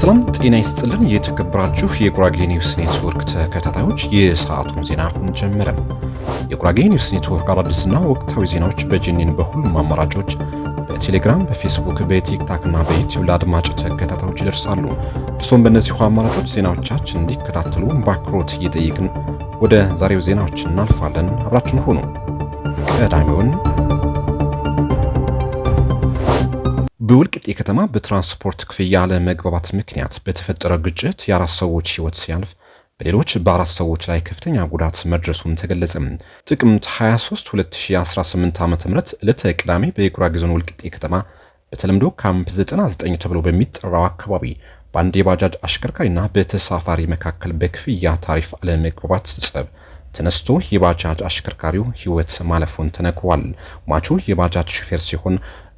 ሰላም ጤና ይስጥልን። የተከበራችሁ የጉራጌ ኒውስ ኔትወርክ ተከታታዮች የሰዓቱን ዜና አሁን ጀመረ። የጉራጌ ኒውስ ኔትወርክ አዳዲስና ወቅታዊ ዜናዎች በጄኒን በሁሉም አማራጮች በቴሌግራም፣ በፌስቡክ፣ በቲክታክ እና በዩቲዩብ ለአድማጭ ተከታታዮች ይደርሳሉ። እርስዎም በእነዚሁ አማራጮች ዜናዎቻችን እንዲከታተሉ በአክብሮት እየጠየቅን ወደ ዛሬው ዜናዎች እናልፋለን። አብራችን ሆኑ። ቀዳሚውን በወልቂጤ ከተማ በትራንስፖርት ክፍያ አለመግባባት ምክንያት በተፈጠረ ግጭት የአራት ሰዎች ህይወት ሲያልፍ በሌሎች በአራት ሰዎች ላይ ከፍተኛ ጉዳት መድረሱን ተገለጸ። ጥቅምት 23 2018 ዓ ም ዕለተ ቅዳሜ በጉራጌ ዞን ወልቂጤ ከተማ በተለምዶ ካምፕ 99 ተብሎ በሚጠራው አካባቢ በአንድ የባጃጅ አሽከርካሪና በተሳፋሪ መካከል በክፍያ ታሪፍ አለመግባባት ጸብ ተነስቶ የባጃጅ አሽከርካሪው ህይወት ማለፉን ተነግሯል። ሟቹ የባጃጅ ሹፌር ሲሆን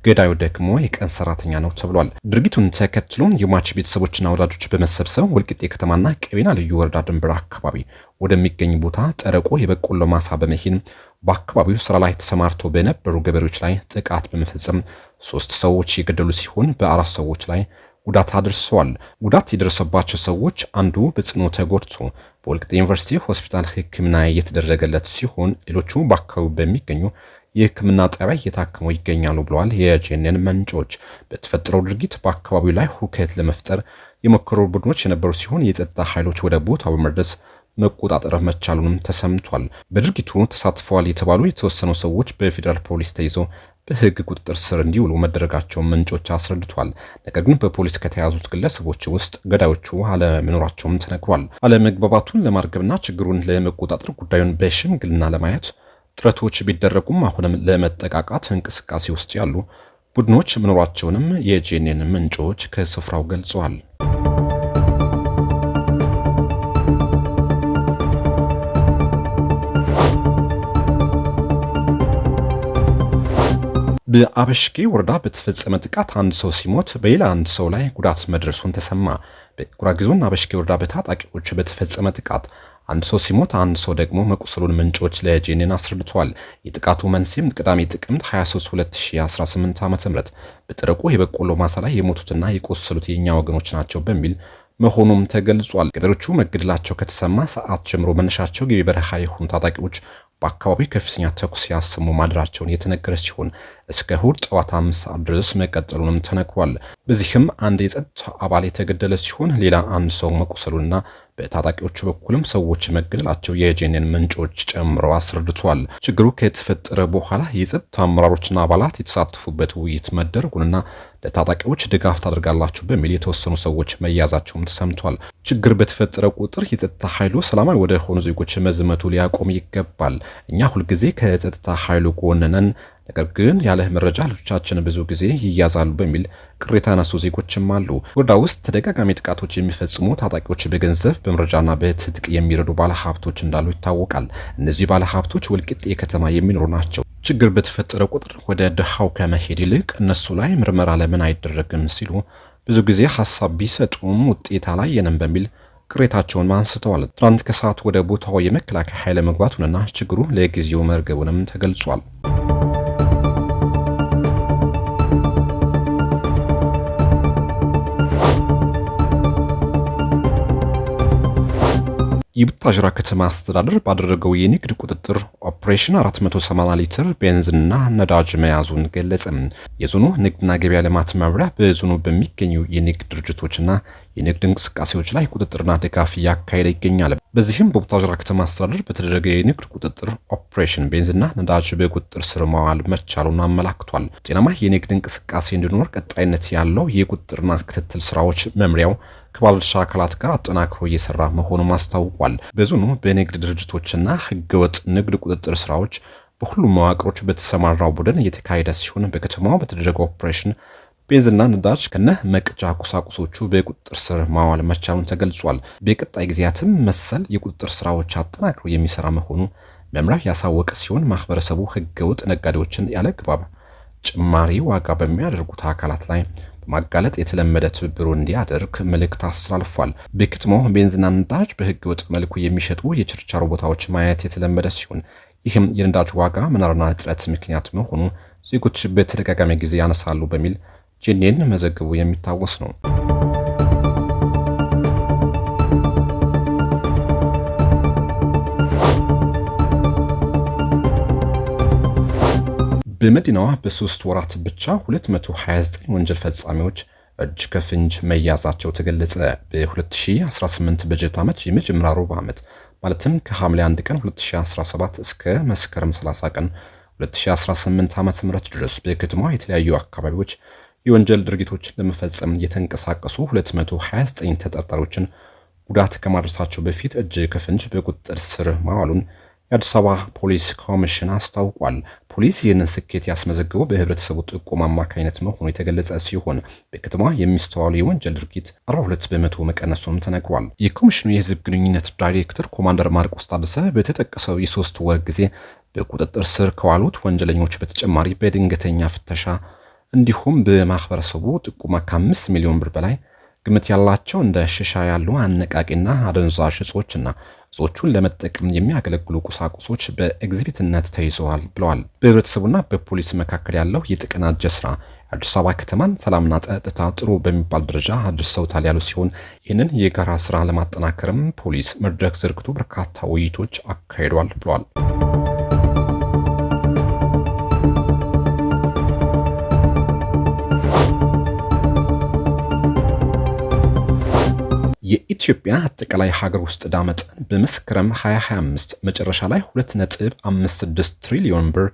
ገዳዩ ደግሞ የቀን ሰራተኛ ነው ተብሏል። ድርጊቱን ተከትሎም የሟች ቤተሰቦችና ወዳጆች በመሰብሰብ ወልቂጤ ከተማና ቀቤና ልዩ ወረዳ ድንበር አካባቢ ወደሚገኝ ቦታ ጠረቆ የበቆሎ ማሳ በመሄድ በአካባቢው ስራ ላይ ተሰማርቶ በነበሩ ገበሬዎች ላይ ጥቃት በመፈጸም ሶስት ሰዎች የገደሉ ሲሆን በአራት ሰዎች ላይ ጉዳት አድርሰዋል። ጉዳት የደረሰባቸው ሰዎች አንዱ በጽኑ ተጎድቶ በወልቂጤ ዩኒቨርሲቲ ሆስፒታል ሕክምና እየተደረገለት ሲሆን ሌሎቹ በአካባቢው በሚገኙ የህክምና ጣቢያ እየታከመው ይገኛሉ ብለዋል የጄኔን ምንጮች። በተፈጠረው ድርጊት በአካባቢው ላይ ሁከት ለመፍጠር የሞከሩ ቡድኖች የነበሩ ሲሆን የጸጥታ ኃይሎች ወደ ቦታው በመድረስ መቆጣጠር መቻሉንም ተሰምቷል። በድርጊቱ ተሳትፈዋል የተባሉ የተወሰኑ ሰዎች በፌዴራል ፖሊስ ተይዘው በህግ ቁጥጥር ስር እንዲውሉ መደረጋቸውን ምንጮች አስረድቷል። ነገር ግን በፖሊስ ከተያዙት ግለሰቦች ውስጥ ገዳዮቹ አለመኖራቸውም ተነግሯል። አለመግባባቱን ለማርገብና ችግሩን ለመቆጣጠር ጉዳዩን በሽምግልና ለማየት ጥረቶች ቢደረጉም አሁንም ለመጠቃቃት እንቅስቃሴ ውስጥ ያሉ ቡድኖች መኖራቸውንም የጄኔን ምንጮች ከስፍራው ገልጸዋል። በአበሽጌ ወረዳ በተፈጸመ ጥቃት አንድ ሰው ሲሞት በሌላ አንድ ሰው ላይ ጉዳት መድረሱን ተሰማ። በጉራጌ ዞን አበሽጌ ወረዳ በታጣቂዎች በተፈጸመ ጥቃት አንድ ሰው ሲሞት አንድ ሰው ደግሞ መቁሰሉን ምንጮች ለጄኔን አስረድተዋል። የጥቃቱ መንስኤም ቅዳሜ ጥቅምት 23 2018 ዓ ም በጥረቁ የበቆሎ ማሳ ላይ የሞቱትና የቆሰሉት የእኛ ወገኖች ናቸው በሚል መሆኑም ተገልጿል። ገበሬዎቹ መገደላቸው ከተሰማ ሰዓት ጀምሮ መነሻቸው ግቢ በረሃ የሆኑ ታጣቂዎች በአካባቢው ከፍተኛ ተኩስ ያሰሙ ማድራቸውን የተነገረ ሲሆን እስከ እሁድ ጠዋት አምስት ሰዓት ድረስ መቀጠሉንም ተነግሯል። በዚህም አንድ የጸጥታ አባል የተገደለ ሲሆን ሌላ አንድ ሰው መቁሰሉንና በታጣቂዎቹ በኩልም ሰዎች መገደላቸው የጄኔን ምንጮች ጨምረው አስረድቷል። ችግሩ ከተፈጠረ በኋላ የጸጥታ አመራሮችና አባላት የተሳተፉበት ውይይት መደረጉንና ለታጣቂዎች ድጋፍ ታደርጋላችሁ በሚል የተወሰኑ ሰዎች መያዛቸውም ተሰምቷል። ችግር በተፈጠረ ቁጥር የጸጥታ ኃይሉ ሰላማዊ ወደ ሆኑ ዜጎች መዝመቱ ሊያቆም ይገባል። እኛ ሁልጊዜ ከጸጥታ ኃይሉ ጎን ነን፣ ነገር ግን ያለ መረጃ ልጆቻችን ብዙ ጊዜ ይያዛሉ በሚል ቅሬታ ያነሱ ዜጎችም አሉ። ወረዳ ውስጥ ተደጋጋሚ ጥቃቶች የሚፈጽሙ ታጣቂዎች በገንዘብ በመረጃና በትጥቅ የሚረዱ ባለሀብቶች እንዳሉ ይታወቃል። እነዚህ ባለሀብቶች ወልቂጤ ከተማ የሚኖሩ ናቸው። ችግር በተፈጠረ ቁጥር ወደ ድሃው ከመሄድ ይልቅ እነሱ ላይ ምርመራ ለምን አይደረግም ሲሉ ብዙ ጊዜ ሀሳብ ቢሰጡም ውጤት አላየንም በሚል ቅሬታቸውን አንስተዋል። ትናንት ከሰዓት ወደ ቦታው የመከላከያ ኃይል መግባቱንና ችግሩ ለጊዜው መርገቡንም ተገልጿል። የቡታጅራ ከተማ አስተዳደር ባደረገው የንግድ ቁጥጥር ኦፕሬሽን 480 ሊትር ቤንዝንና ነዳጅ መያዙን ገለጸ። የዞኑ ንግድና ገበያ ልማት መምሪያ በዞኑ በሚገኙ የንግድ ድርጅቶችና የንግድ እንቅስቃሴዎች ላይ ቁጥጥርና ድጋፍ እያካሄደ ይገኛል። በዚህም በቡታጅራ ከተማ አስተዳደር በተደረገ የንግድ ቁጥጥር ኦፕሬሽን ቤንዝና ነዳጅ በቁጥጥር ስር መዋል መቻሉን አመላክቷል። ጤናማ የንግድ እንቅስቃሴ እንዲኖር ቀጣይነት ያለው የቁጥጥርና ክትትል ስራዎች መምሪያው ከባለድርሻ አካላት ጋር አጠናክሮ እየሰራ መሆኑም አስታውቋል። በዞኑ በንግድ ድርጅቶችና ህገወጥ ንግድ ቁጥጥር ስራዎች በሁሉም መዋቅሮች በተሰማራው ቡድን እየተካሄደ ሲሆን በከተማው በተደረገ ኦፕሬሽን ቤንዝና ነዳጅ ከነ መቅጫ ቁሳቁሶቹ በቁጥጥር ስር ማዋል መቻሉን ተገልጿል። በቀጣይ ጊዜያትም መሰል የቁጥጥር ስራዎች አጠናክሮ የሚሰራ መሆኑ መምሪያው ያሳወቀ ሲሆን ማህበረሰቡ ህገወጥ ነጋዴዎችን ያለ ጭማሪ ዋጋ በሚያደርጉት አካላት ላይ ማጋለጥ የተለመደ ትብብሩ እንዲያደርግ መልእክት አስተላልፏል። በከተማው ቤንዚንና ነዳጅ በህገ ወጥ መልኩ የሚሸጡ የችርቻሮ ቦታዎች ማየት የተለመደ ሲሆን ይህም የነዳጅ ዋጋ መናርና እጥረት ምክንያት መሆኑ ዜጎች በተደጋጋሚ ጊዜ ያነሳሉ በሚል ጄኔን መዘገቡ የሚታወስ ነው። በመዲናዋ በሶስት ወራት ብቻ 229 ወንጀል ፈጻሚዎች እጅ ከፍንጅ መያዛቸው ተገለጸ። በ2018 በጀት ዓመት የመጀመሪያ ሩብ ዓመት ማለትም ከሐምሌ 1 ቀን 2017 እስከ መስከረም 30 ቀን 2018 ዓ.ም ድረስ በከተማዋ የተለያዩ አካባቢዎች የወንጀል ድርጊቶችን ለመፈጸም የተንቀሳቀሱ 229 ተጠርጣሪዎችን ጉዳት ከማድረሳቸው በፊት እጅ ከፍንጅ በቁጥጥር ስር ማዋሉን የአዲስ አበባ ፖሊስ ኮሚሽን አስታውቋል። ፖሊስ ይህንን ስኬት ያስመዘግበ በህብረተሰቡ ጥቆም አማካኝነት መሆኑ የተገለጸ ሲሆን በከተማ የሚስተዋሉ የወንጀል ድርጊት 42 በመቶ መቀነሱም ተነግሯል። የኮሚሽኑ የህዝብ ግንኙነት ዳይሬክተር ኮማንደር ማርቆስ ታደሰ በተጠቀሰው የሶስት ወር ጊዜ በቁጥጥር ስር ከዋሉት ወንጀለኞች በተጨማሪ በድንገተኛ ፍተሻ እንዲሁም በማህበረሰቡ ጥቁማ ከአምስት ሚሊዮን ብር በላይ ግምት ያላቸው እንደ ሽሻ ያሉ አነቃቂና አደንዛዥ እጾችና እጾቹን ለመጠቀም የሚያገለግሉ ቁሳቁሶች በኤግዚቢትነት ተይዘዋል ብለዋል። በህብረተሰቡና በፖሊስ መካከል ያለው የተቀናጀ ስራ የአዲስ አበባ ከተማን ሰላምና ጸጥታ ጥሩ በሚባል ደረጃ አድርሰውታል ያሉ ሲሆን ይህንን የጋራ ስራ ለማጠናከርም ፖሊስ መድረክ ዘርግቶ በርካታ ውይይቶች አካሂዷል ብለዋል። የኢትዮጵያ አጠቃላይ ሀገር ውስጥ ዕዳ መጠን በመስከረም 2025 መጨረሻ ላይ 2.56 ትሪሊዮን ብር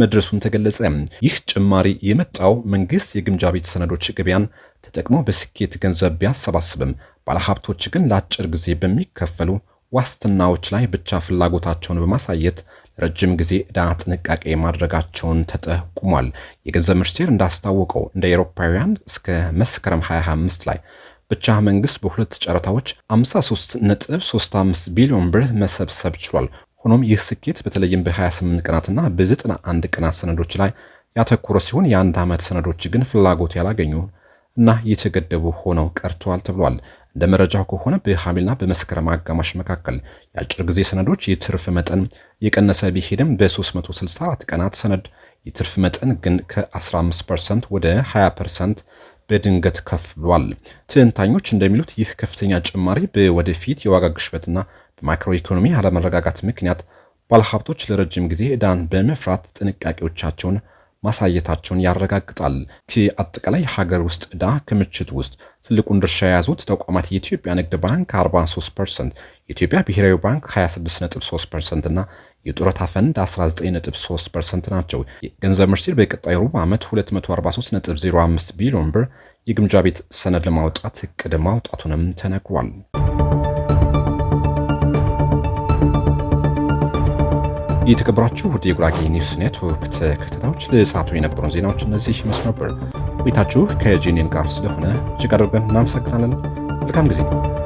መድረሱን ተገለጸ። ይህ ጭማሪ የመጣው መንግስት የግምጃ ቤት ሰነዶች ገበያን ተጠቅሞ በስኬት ገንዘብ ቢያሰባስብም ባለሀብቶች ግን ለአጭር ጊዜ በሚከፈሉ ዋስትናዎች ላይ ብቻ ፍላጎታቸውን በማሳየት ረጅም ጊዜ ዕዳ ጥንቃቄ ማድረጋቸውን ተጠቁሟል። የገንዘብ ሚኒስቴር እንዳስታወቀው እንደ አውሮፓውያን እስከ መስከረም 25 ላይ ብቻ መንግስት በሁለት ጨረታዎች 53.35 ቢሊዮን ብር መሰብሰብ ችሏል። ሆኖም ይህ ስኬት በተለይም በ28 ቀናትና በ91 ቀናት ሰነዶች ላይ ያተኮረ ሲሆን የአንድ ዓመት ሰነዶች ግን ፍላጎት ያላገኙ እና የተገደቡ ሆነው ቀርተዋል ተብሏል። እንደ መረጃው ከሆነ በሐምሌና በመስከረም አጋማሽ መካከል የአጭር ጊዜ ሰነዶች የትርፍ መጠን የቀነሰ ቢሄድም በ364 ቀናት ሰነድ የትርፍ መጠን ግን ከ15 ፐርሰንት ወደ 20 ፐርሰንት በድንገት ከፍ ብሏል። ትንታኞች እንደሚሉት ይህ ከፍተኛ ጭማሪ በወደፊት የዋጋ ግሽበትና በማክሮ ኢኮኖሚ አለመረጋጋት ምክንያት ባለሀብቶች ለረጅም ጊዜ ዕዳን በመፍራት ጥንቃቄዎቻቸውን ማሳየታቸውን ያረጋግጣል። ከአጠቃላይ ሀገር ውስጥ ዕዳ ክምችት ውስጥ ትልቁን ድርሻ የያዙት ተቋማት የኢትዮጵያ ንግድ ባንክ 43%፣ የኢትዮጵያ ብሔራዊ ባንክ 26.3% እና የጡረታ ፈንድ 19.3% ናቸው። የገንዘብ ሚኒስቴር በቀጣይ ሩብ ዓመት 243.05 ቢሊዮን ብር የግምጃ ቤት ሰነድ ለማውጣት እቅድ ማውጣቱንም ተነግሯል። የተከበራችሁ ወደ የጉራጌ ኒውስ ኔትወርክ ተከታታዮች ለሰዓቱ የነበሩን ዜናዎች እነዚህ ይመስሉ ነበር። ቆይታችሁ ከጄኔን ጋር ስለሆነ እጅግ አድርገን እናመሰግናለን። መልካም ጊዜ